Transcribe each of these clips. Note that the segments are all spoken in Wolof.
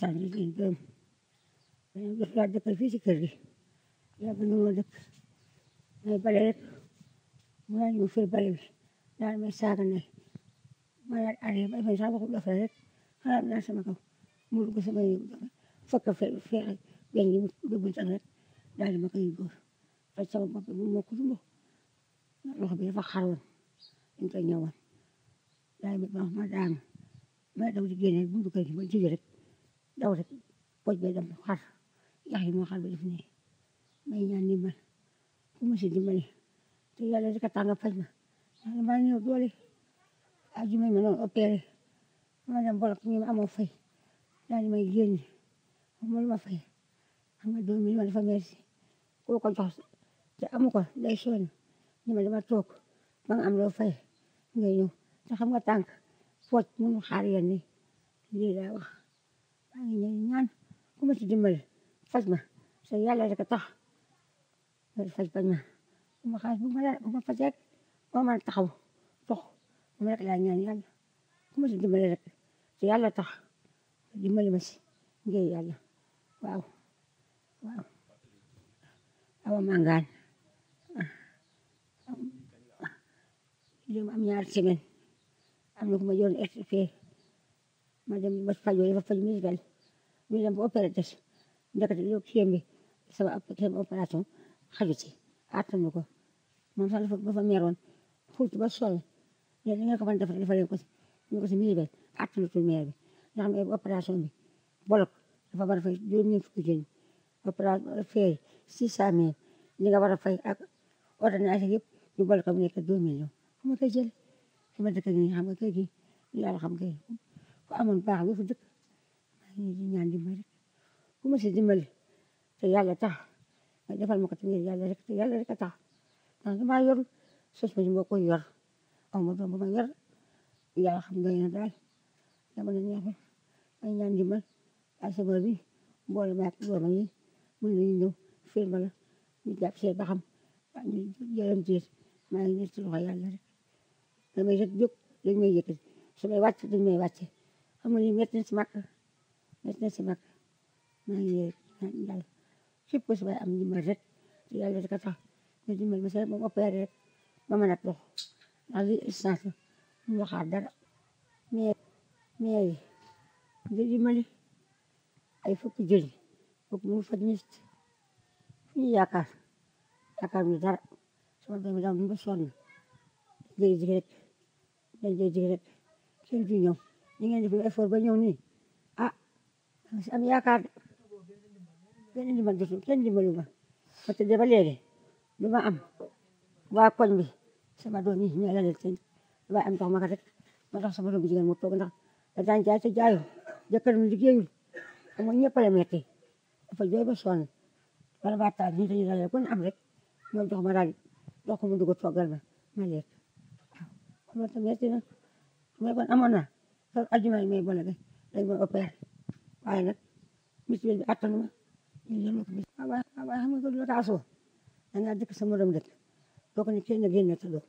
Sadio Ndiaye gërëm beneen bi laa dëkkal fii kër gi yàgg na ma dëkk may bale rek mu daan ñëw fii daal may saaga ne ma daan arrière ba sax waxu rek xalaat naa sama kaw mu dugg sama yëngu fekk fe fe benn yi dugg rek daal di ma koy góor faj sama bopp bi moo ko jumbo loxo bi dafa xaroon dañ koy ñëwoon daal di ma daanu ma daw di génne buntu kër gi rek daw rek poj bay dem xar yax yi moo xar ba def nii may ñaan dimbal ku ma si dimbali te yàlla rek a tànga faj ma man maa ñëw doole ajuma ma noonu opéré ma dem bolok ñu amoo fay daal di may génn amul ma fay xam nga deux mille ma dafa merci koo ko jox te amu ko day sonn ñu ma dama toog ba nga am loo fay nga ñëw te xam nga tànk pooj mënu xaar yenn lii laa wax maa ngi lay ñaan ku ma ci dimbale faj ma sa yàlla rek a tax loolu faj bañ ma ku ma taxaw dox moom rek laa ñaan yàlla ku ma ci dimbale rek sa yàlla tax dimbale ma si ngir yàlla waaw waaw awa am ñaari semaine am na ku ma joon ma dem ba fajoo dafa faj musical ñu dem ba opéré des ndekete yow kiyam bi sama opération xaju ci attanu ko moom sax dafa dafa meeroon xult ba sol ne li nga ko mën a defal dafa leen ko si ñu ko si musical attanu bi nga xam ne opération bi bolok dafa war a fay juróom ñeent fukki jën opération fee six cent mille nga war a fay ak ordonnance yëpp ñu bolok mu nekk deux millions fu ma koy ma dëkk gi xam nga kër gi yàlla xam kay amoon baax lu fa dëkk maa ngi ñaan dimbali rek ku ma si dimbali te yàlla tax nga defal ma ko te yàlla rek te yàlla rek a tax ndax damaa yor sos ma si ma doom ba ma yor yàlla xam doy na daal dama la neexal ay ñaan dimbal ay sabar bi boole ma ak doomam yi mën nañu ñëw firma la ñu jàpp see ba xam waa ñu jërëm tiir maa ngi nekk ci loxo yàlla su may wàcc dañ may wàcce xamu ni métti na si mag na si mag maa ngi ñaan yàlla képp si waay am ndimbal rek te yàlla rek a tax ñu dimbal ma see moom opéré rek ma mën a dox ndax lii instance mu waxaat dara mais mais di dimbali ay fukki jëli fukki mu faj nit fu ñu yaakaar yaakaar dara sama doom daal mu ngi sonn day jig rek day jig rek kenn du ñi ngeen def effort ba ñëw nii ah si am yaakaar kenn ma jotul kenn dimbalu ma ma tëddee ba léegi lu ma am waa koñ bi sama doom yi ñu lalel seen waaye am tax ma ko rek ma tax sama doom bu jigéen mu toog ndax da daan jaay te jaayul jëkkër mu liggéeyul xam nga ñëpp la metti dafa jooy ba sonn wala ba taal ñu dañu lalel ku ne am rek ñoom jox ma daal jox ko mu dugg toggal ma ma lekk waaw xam nga metti na mais kon amoon na sax ajuma yi may boole de dañ ma opéré waaye nag bis bi attanu ma ñu jël ma ko bis waaw waaye xam nga ko doo taasoo da ngaa dëkk sa morom dëkk doo ko ne kenn génne sa doom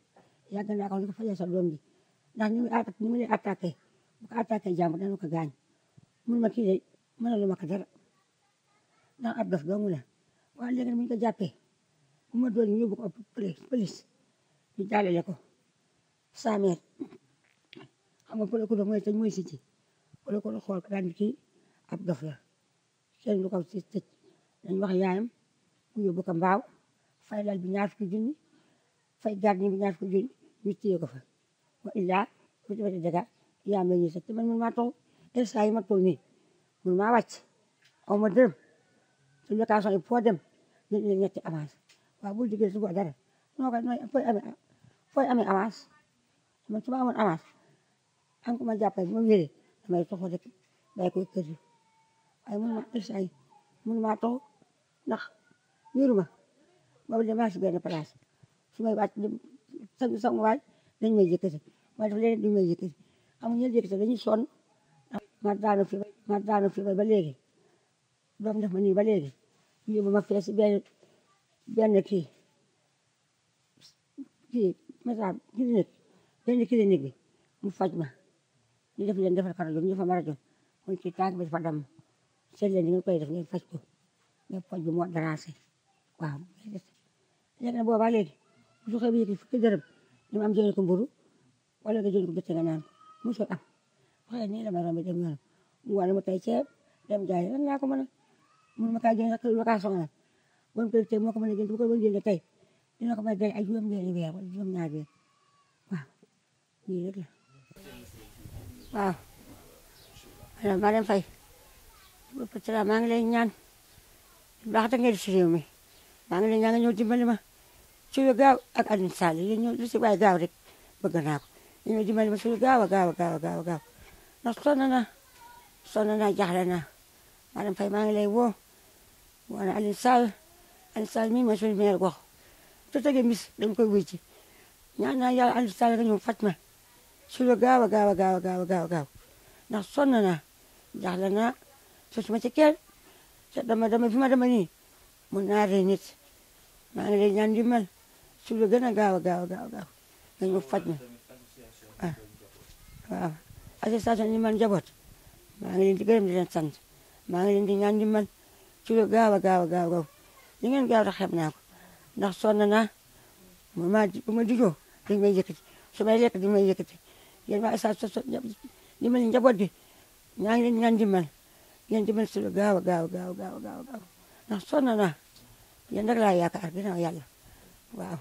yàgg naa ko ni ko fajee sa doom bi ndax ni mu ni mu lay attaqué bu ko attaqué jàmbur dana ko gaañ mun ma kii de mënalu ma ko dara ndax ab dof doomu la waaye léegi nag bu ñu ko jàppee bu ma doon ñu yóbbu ko police ñu jàllale ko saa xam nga pëlëku mooy tëj mooy siti pëlëku xool ka daan bi kii ab dof la kenn du ko si tëj dañ wax yaayam mu yóbbu ko mbaaw fay lal bi ñaar fukki junni fay gardien bi ñaar fukki junni ñu téye ko fa wa illaa ku ci wete dëgg yaam la ñuy tëj ma man mun maa toog instant yi ma toog nii mun maa wàcc aw ma dërëm su location yi foo dem ñu ne ñetti avance waaw bul noo ko nooy fooy amee fooy amee avance ma amoon avance xam nga ma jàppale ma wéree damay toxu rek bàyyi ko kër yi ma instant yii man maa toxu ndax wéru ma boobu damaa si benn place su may wàcc dem sangu sangu waay dañ may yëkkati waaye dafa leneen duñ may yëkkati xam nga ñooñu ma da fi ma daanu fi ba léegi doom def ma nii ba léegi yóbbu ma fee si benn benn kii kii maanaam clinique benn clinique bi mu faj ma. ñu def leen defal kàddu gi ñu fa mën a jot buñ ci tànk bi fa dem seet leen ni ngeen koy def ngeen faj ko mais poche bi moo dérangé waaw. léegi nag boobaa léegi bu ñu xëy ba yëkkati fukki dërëm ñu am jënd ko mburu wala nga jënd ko bëtt nga naan mu soo am waxee nii la ma romb dem yoonam mu wàllu mu tey ceeb dem jaay ko a mun ma kaa jënd ak lu ma kaa soxla bon kër tey moo ko mën a jënd bu ko mën a jënd tey dina ko mën a jaay ay juróom waaw madame Marème Faye Pétra maa ngi lay ñaan baax da ngeen si réew mi maa ngi lay ñëw dimbali ma ci lu gaaw ak Alioune Sall yéen ñëw lu si gaaw rek bëgg naa ko yéen ñëw dimbali ma ci lu gaaw a gaaw a gaaw a gaaw a gaaw ndax sonn naa sonn naa jaaxle naa Marème maa ngi lay woo woo na Alioune Sall Alioune Sall mii mooy suñu maire gox te mis dañ koy wuy ci ñaan naa yàlla Alioune Sall nga ñëw ci lu gaaw a gaaw a gaaw a gaaw gaaw ndax sonn naa jaaxle naa sotuma ci kenn te dama dama fi ma dama nii mu naaree nit maa ngi lay ñaan di mel ci lu gën a gaaw a gaaw a gaaw gaaw nga ñu faj ma ah waaw association ñi man njaboot maa ngi leen di gërëm di leen sant maa ngi leen di ñaan di mel ci lu gaaw a gaaw a gaaw gaaw li ngeen gaaw tax xam naa ko ndax sonn naa mu ma bu ma dijoo dañ may yëkkati su may lekk dañ may yëkkati yéen waa ISRA so so dimbal njaboot bi ñaa ngi leen ñaan dimbal ngeen dimbal si lu gaaw a gaaw gaaw gaaw gaaw gaaw ndax sonn naa yéen rek laa yaakaar ginnaaw yàlla waaw